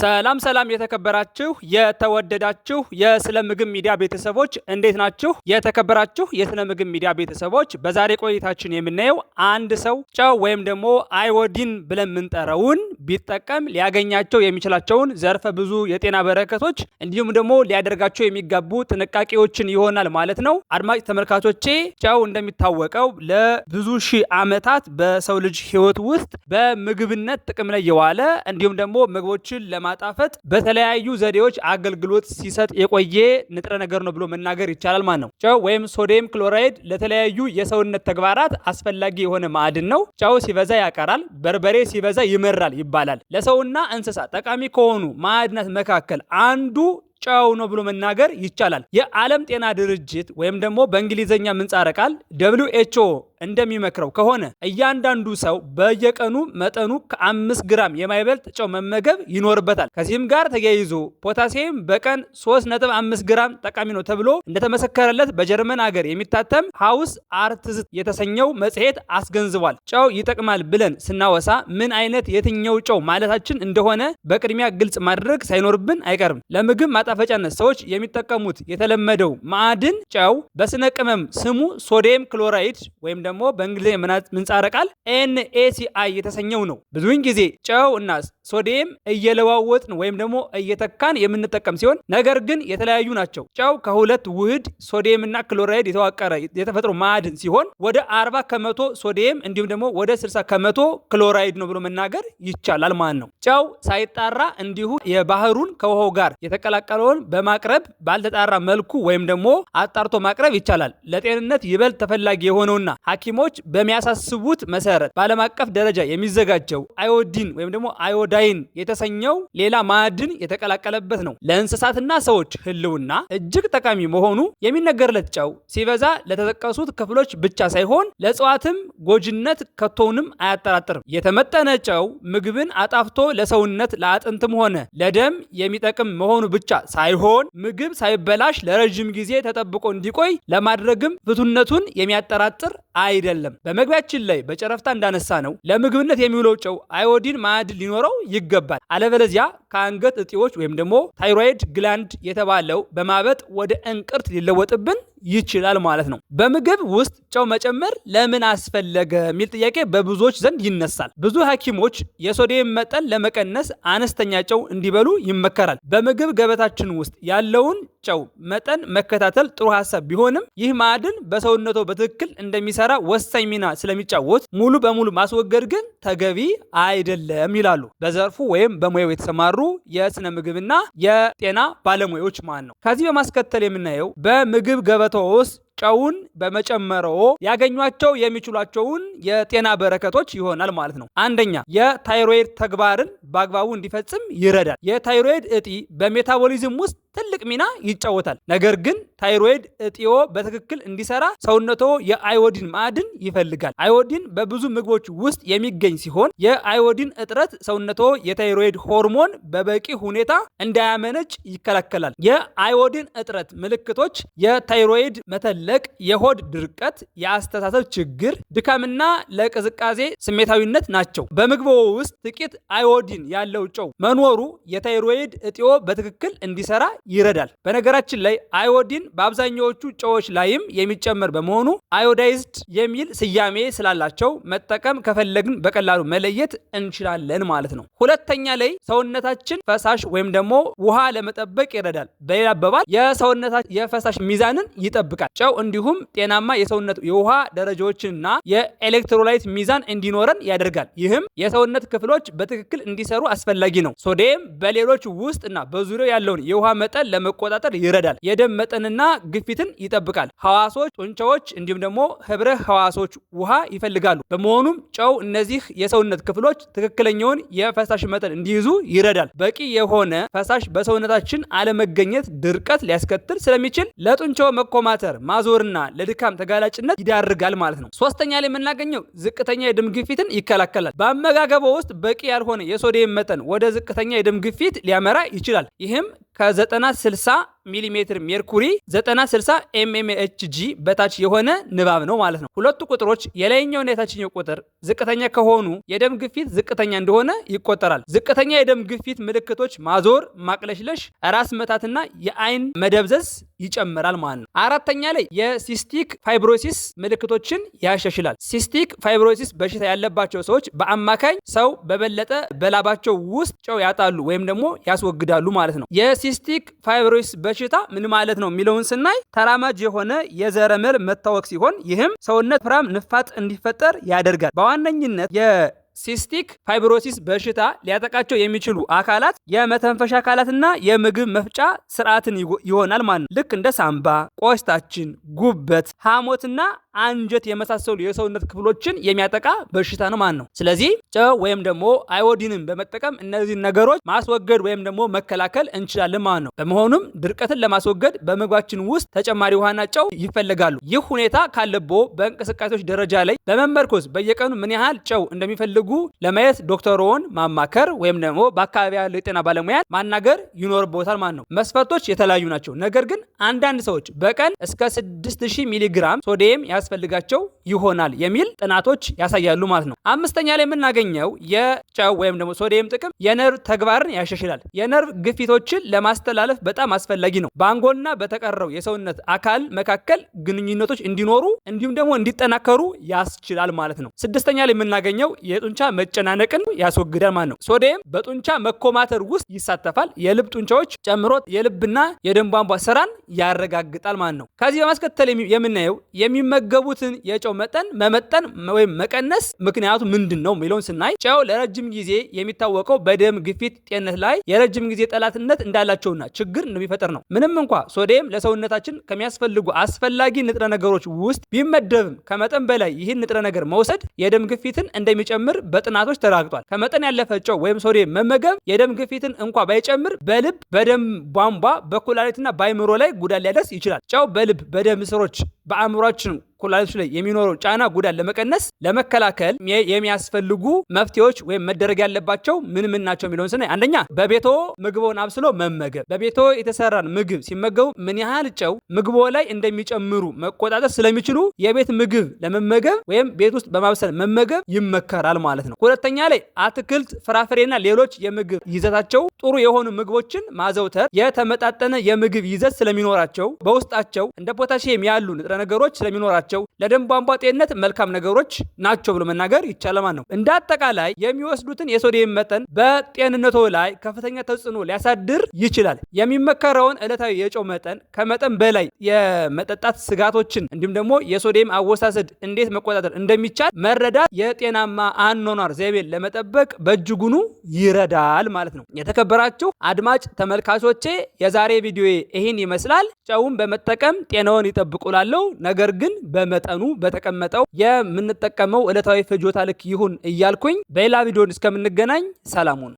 ሰላም ሰላም የተከበራችሁ የተወደዳችሁ የስለ ምግብ ሚዲያ ቤተሰቦች እንዴት ናችሁ? የተከበራችሁ የስለ ምግብ ሚዲያ ቤተሰቦች በዛሬ ቆይታችን የምናየው አንድ ሰው ጨው ወይም ደግሞ አዮዲን ብለን የምንጠራውን ቢጠቀም ሊያገኛቸው የሚችላቸውን ዘርፈ ብዙ የጤና በረከቶች እንዲሁም ደግሞ ሊያደርጋቸው የሚጋቡ ጥንቃቄዎችን ይሆናል ማለት ነው። አድማጭ ተመልካቾቼ ጨው እንደሚታወቀው ለብዙ ሺህ ዓመታት በሰው ልጅ ሕይወት ውስጥ በምግብነት ጥቅም ላይ የዋለ እንዲሁም ደግሞ ምግቦችን ለማ ለማጣፈጥ በተለያዩ ዘዴዎች አገልግሎት ሲሰጥ የቆየ ንጥረ ነገር ነው ብሎ መናገር ይቻላል ማለት ነው። ጨው ወይም ሶዲየም ክሎራይድ ለተለያዩ የሰውነት ተግባራት አስፈላጊ የሆነ ማዕድን ነው። ጨው ሲበዛ ያቀራል፣ በርበሬ ሲበዛ ይመራል ይባላል። ለሰውና እንስሳ ጠቃሚ ከሆኑ ማዕድናት መካከል አንዱ ጨው ነው ብሎ መናገር ይቻላል። የዓለም ጤና ድርጅት ወይም ደግሞ በእንግሊዝኛ ምንጻረ ቃል ደብሊው ኤች ኦ እንደሚመክረው ከሆነ እያንዳንዱ ሰው በየቀኑ መጠኑ ከአምስት ግራም የማይበልጥ ጨው መመገብ ይኖርበታል። ከዚህም ጋር ተያይዞ ፖታሲየም በቀን 3.5 ግራም ጠቃሚ ነው ተብሎ እንደተመሰከረለት በጀርመን አገር የሚታተም ሀውስ አርትዝ የተሰኘው መጽሔት አስገንዝቧል። ጨው ይጠቅማል ብለን ስናወሳ ምን አይነት የትኛው ጨው ማለታችን እንደሆነ በቅድሚያ ግልጽ ማድረግ ሳይኖርብን አይቀርም። ለምግብ ማጣፈጫነት ሰዎች የሚጠቀሙት የተለመደው ማዕድን ጨው በስነ ቅመም ስሙ ሶዲየም ክሎራይድ ወይም ደግሞ በእንግሊዝ ምንጻረ ቃል ኤንኤሲአይ የተሰኘው ነው። ብዙውን ጊዜ ጨው እና ሶዲየም እየለዋወጥን ወይም ደግሞ እየተካን የምንጠቀም ሲሆን ነገር ግን የተለያዩ ናቸው። ጨው ከሁለት ውህድ ሶዲየም እና ክሎራይድ የተዋቀረ የተፈጥሮ ማዕድን ሲሆን ወደ 40 ከመቶ ሶዲየም እንዲሁም ደግሞ ወደ 60 ከመቶ ክሎራይድ ነው ብሎ መናገር ይቻላል ማለት ነው። ጨው ሳይጣራ እንዲሁ የባህሩን ከውሃው ጋር የተቀላቀለውን በማቅረብ ባልተጣራ መልኩ ወይም ደግሞ አጣርቶ ማቅረብ ይቻላል። ለጤንነት ይበልጥ ተፈላጊ የሆነውና ሐኪሞች በሚያሳስቡት መሰረት በዓለም አቀፍ ደረጃ የሚዘጋጀው አዮዲን ወይም ደግሞ አዮዳይን የተሰኘው ሌላ ማዕድን የተቀላቀለበት ነው። ለእንስሳትና ሰዎች ህልውና እጅግ ጠቃሚ መሆኑ የሚነገርለት ጨው ሲበዛ ለተጠቀሱት ክፍሎች ብቻ ሳይሆን ለእጽዋትም ጎጂነት ከቶውንም አያጠራጥርም። የተመጠነ ጨው ምግብን አጣፍቶ ለሰውነት ለአጥንትም ሆነ ለደም የሚጠቅም መሆኑ ብቻ ሳይሆን ምግብ ሳይበላሽ ለረዥም ጊዜ ተጠብቆ እንዲቆይ ለማድረግም ፍቱነቱን የሚያጠራጥር አ አይደለም። በመግቢያችን ላይ በጨረፍታ እንዳነሳ ነው ለምግብነት የሚውለው ጨው አዮዲን ማዕድን ሊኖረው ይገባል። አለበለዚያ ከአንገት እጢዎች ወይም ደግሞ ታይሮይድ ግላንድ የተባለው በማበጥ ወደ እንቅርት ሊለወጥብን ይችላል ማለት ነው። በምግብ ውስጥ ጨው መጨመር ለምን አስፈለገ የሚል ጥያቄ በብዙዎች ዘንድ ይነሳል። ብዙ ሐኪሞች የሶዲየም መጠን ለመቀነስ አነስተኛ ጨው እንዲበሉ ይመከራል። በምግብ ገበታችን ውስጥ ያለውን ጨው መጠን መከታተል ጥሩ ሀሳብ ቢሆንም ይህ ማዕድን በሰውነቶ በትክክል እንደሚሰራ ወሳኝ ሚና ስለሚጫወት ሙሉ በሙሉ ማስወገድ ግን ተገቢ አይደለም ይላሉ በዘርፉ ወይም በሙያው የተሰማሩ የስነ ምግብና የጤና ባለሙያዎች ማለት ነው። ከዚህ በማስከተል የምናየው በምግብ ገበ በመቶ ውስጥ ጨውን በመጨመሮ ያገኟቸው የሚችሏቸውን የጤና በረከቶች ይሆናል ማለት ነው። አንደኛ የታይሮይድ ተግባርን በአግባቡ እንዲፈጽም ይረዳል። የታይሮይድ እጢ በሜታቦሊዝም ውስጥ ትልቅ ሚና ይጫወታል። ነገር ግን ታይሮይድ እጢዎ በትክክል እንዲሰራ ሰውነቶ የአዮዲን ማዕድን ይፈልጋል። አዮዲን በብዙ ምግቦች ውስጥ የሚገኝ ሲሆን የአዮዲን እጥረት ሰውነቶ የታይሮይድ ሆርሞን በበቂ ሁኔታ እንዳያመነጭ ይከላከላል። የአዮዲን እጥረት ምልክቶች የታይሮይድ መተለቅ፣ የሆድ ድርቀት፣ የአስተሳሰብ ችግር፣ ድካምና ለቅዝቃዜ ስሜታዊነት ናቸው። በምግቦ ውስጥ ጥቂት አዮዲን ያለው ጨው መኖሩ የታይሮይድ እጢዎ በትክክል እንዲሰራ ይረዳል። በነገራችን ላይ አዮዲን በአብዛኛዎቹ ጨዎች ላይም የሚጨመር በመሆኑ አዮዳይዝድ የሚል ስያሜ ስላላቸው መጠቀም ከፈለግን በቀላሉ መለየት እንችላለን ማለት ነው። ሁለተኛ ላይ ሰውነታችን ፈሳሽ ወይም ደግሞ ውሃ ለመጠበቅ ይረዳል። በሌላ አባባል የሰውነታችን የፈሳሽ ሚዛንን ይጠብቃል። ጨው እንዲሁም ጤናማ የሰውነት የውሃ ደረጃዎችንና የኤሌክትሮላይት ሚዛን እንዲኖረን ያደርጋል። ይህም የሰውነት ክፍሎች በትክክል እንዲሰሩ አስፈላጊ ነው። ሶዴም በሌሎች ውስጥ እና በዙሪያው ያለውን የውሃ መጠን ለመቆጣጠር ይረዳል። የደም መጠንና ግፊትን ይጠብቃል። ሐዋሶች፣ ጡንቻዎች እንዲሁም ደግሞ ህብረ ህዋሶች ውሃ ይፈልጋሉ። በመሆኑም ጨው እነዚህ የሰውነት ክፍሎች ትክክለኛውን የፈሳሽ መጠን እንዲይዙ ይረዳል። በቂ የሆነ ፈሳሽ በሰውነታችን አለመገኘት ድርቀት ሊያስከትል ስለሚችል ለጡንቻው መኮማተር፣ ማዞርና ለድካም ተጋላጭነት ይዳርጋል ማለት ነው። ሶስተኛ ላይ የምናገኘው ዝቅተኛ የደም ግፊትን ይከላከላል። በአመጋገቦ ውስጥ በቂ ያልሆነ የሶዲየም መጠን ወደ ዝቅተኛ የደም ግፊት ሊያመራ ይችላል። ይህም ከዘጠና 60 ሚሊሜትር ሜርኩሪ 960 ኤምኤምኤችጂ በታች የሆነ ንባብ ነው ማለት ነው። ሁለቱ ቁጥሮች የላይኛውና የታችኛው ቁጥር ዝቅተኛ ከሆኑ የደም ግፊት ዝቅተኛ እንደሆነ ይቆጠራል። ዝቅተኛ የደም ግፊት ምልክቶች ማዞር፣ ማቅለሽለሽ፣ ራስ መታትና የአይን መደብዘዝ ይጨምራል ማለት ነው። አራተኛ ላይ የሲስቲክ ፋይብሮሲስ ምልክቶችን ያሻሽላል። ሲስቲክ ፋይብሮሲስ በሽታ ያለባቸው ሰዎች በአማካኝ ሰው በበለጠ በላባቸው ውስጥ ጨው ያጣሉ ወይም ደግሞ ያስወግዳሉ ማለት ነው። የሲስቲክ ፋይብሮሲስ በሽታ ምን ማለት ነው የሚለውን ስናይ ተራማጅ የሆነ የዘረመል መታወክ ሲሆን ይህም ሰውነት ፍራም ንፋት እንዲፈጠር ያደርጋል። በዋነኝነት ሲስቲክ ፋይብሮሲስ በሽታ ሊያጠቃቸው የሚችሉ አካላት የመተንፈሻ አካላትና የምግብ መፍጫ ስርዓትን ይሆናል ማለት ነው። ልክ እንደ ሳምባ፣ ቆስታችን ጉበት፣ ሐሞትና አንጀት የመሳሰሉ የሰውነት ክፍሎችን የሚያጠቃ በሽታ ነው ማለት ነው። ስለዚህ ጨው ወይም ደግሞ አዮዲንን በመጠቀም እነዚህን ነገሮች ማስወገድ ወይም ደግሞ መከላከል እንችላለን ማለት ነው። በመሆኑም ድርቀትን ለማስወገድ በምግባችን ውስጥ ተጨማሪ ውሃና ጨው ይፈለጋሉ። ይህ ሁኔታ ካለቦ በእንቅስቃሴዎች ደረጃ ላይ በመመርኮዝ በየቀኑ ምን ያህል ጨው እንደሚፈልጉ እንደሚያደርጉ ለማየት ዶክተሮን ማማከር ወይም ደግሞ በአካባቢ ያለው የጤና ባለሙያን ማናገር ይኖርበታል ማለት ነው። መስፈርቶች የተለያዩ ናቸው። ነገር ግን አንዳንድ ሰዎች በቀን እስከ 6000 ሚሊግራም ሶዲየም ያስፈልጋቸው ይሆናል የሚል ጥናቶች ያሳያሉ ማለት ነው። አምስተኛ ላይ የምናገኘው የጨው ወይም ደግሞ ሶዲየም ጥቅም የነርቭ ተግባርን ያሻሽላል። የነርቭ ግፊቶችን ለማስተላለፍ በጣም አስፈላጊ ነው። በአንጎልና በተቀረው የሰውነት አካል መካከል ግንኙነቶች እንዲኖሩ እንዲሁም ደግሞ እንዲጠናከሩ ያስችላል ማለት ነው። ስድስተኛ ላይ የምናገኘው የጡንቻ መጨናነቅን ያስወግዳል ማለት ነው። ሶዲየም በጡንቻ መኮማተር ውስጥ ይሳተፋል። የልብ ጡንቻዎች ጨምሮ የልብና የደም ቧንቧ ስራን ያረጋግጣል ማለት ነው። ከዚህ በማስከተል የምናየው የሚመገቡትን የጨው መጠን መመጠን ወይም መቀነስ ምክንያቱ ምንድን ነው የሚለውን ስናይ ጨው ለረጅም ጊዜ የሚታወቀው በደም ግፊት ጤንነት ላይ የረጅም ጊዜ ጠላትነት እንዳላቸውና ችግር እንደሚፈጥር ነው። ምንም እንኳ ሶዲየም ለሰውነታችን ከሚያስፈልጉ አስፈላጊ ንጥረ ነገሮች ውስጥ ቢመደብም ከመጠን በላይ ይህን ንጥረ ነገር መውሰድ የደም ግፊትን እንደሚጨምር በጥናቶች ተረጋግጧል። ከመጠን ያለፈ ጨው ወይም ሶዲየም መመገብ የደም ግፊትን እንኳ ባይጨምር በልብ በደም ቧንቧ በኩላሊትና በአይምሮ ላይ ጉዳት ሊያደርስ ይችላል። ጨው በልብ በደም ስሮች በአእምሯችን ኩላሊቶች ላይ የሚኖረው ጫና ጉዳት ለመቀነስ ለመከላከል የሚያስፈልጉ መፍትሄዎች ወይም መደረግ ያለባቸው ምን ምን ናቸው የሚለውን ስናይ፣ አንደኛ በቤቶ ምግቦን አብስሎ መመገብ። በቤቶ የተሰራን ምግብ ሲመገቡ ምን ያህል ጨው ምግቦ ላይ እንደሚጨምሩ መቆጣጠር ስለሚችሉ የቤት ምግብ ለመመገብ ወይም ቤት ውስጥ በማብሰል መመገብ ይመከራል ማለት ነው። ሁለተኛ ላይ አትክልት፣ ፍራፍሬና ሌሎች የምግብ ይዘታቸው ጥሩ የሆኑ ምግቦችን ማዘውተር የተመጣጠነ የምግብ ይዘት ስለሚኖራቸው በውስጣቸው እንደ ፖታሽየም ያሉ ንጥረ ነገሮች ስለሚኖራቸው ለደም ቧንቧ ጤንነት መልካም ነገሮች ናቸው ብሎ መናገር ይቻላል ማለት ነው። እንደ አጠቃላይ የሚወስዱትን የሶዲየም መጠን በጤንነቶ ላይ ከፍተኛ ተጽዕኖ ሊያሳድር ይችላል። የሚመከረውን ዕለታዊ የጨው መጠን ከመጠን በላይ የመጠጣት ስጋቶችን እንዲሁም ደግሞ የሶዲየም አወሳሰድ እንዴት መቆጣጠር እንደሚቻል መረዳት የጤናማ አኗኗር ዘይቤን ለመጠበቅ በእጅጉኑ ይረዳል ማለት ነው። የተከበራችሁ አድማጭ ተመልካቾቼ የዛሬ ቪዲዮ ይህን ይመስላል። ጨውን በመጠቀም ጤናውን ይጠብቁ ነገር ግን በመጠኑ በተቀመጠው የምንጠቀመው ዕለታዊ ፍጆታ ልክ ይሁን እያልኩኝ በሌላ ቪዲዮን እስከምንገናኝ ሰላሙን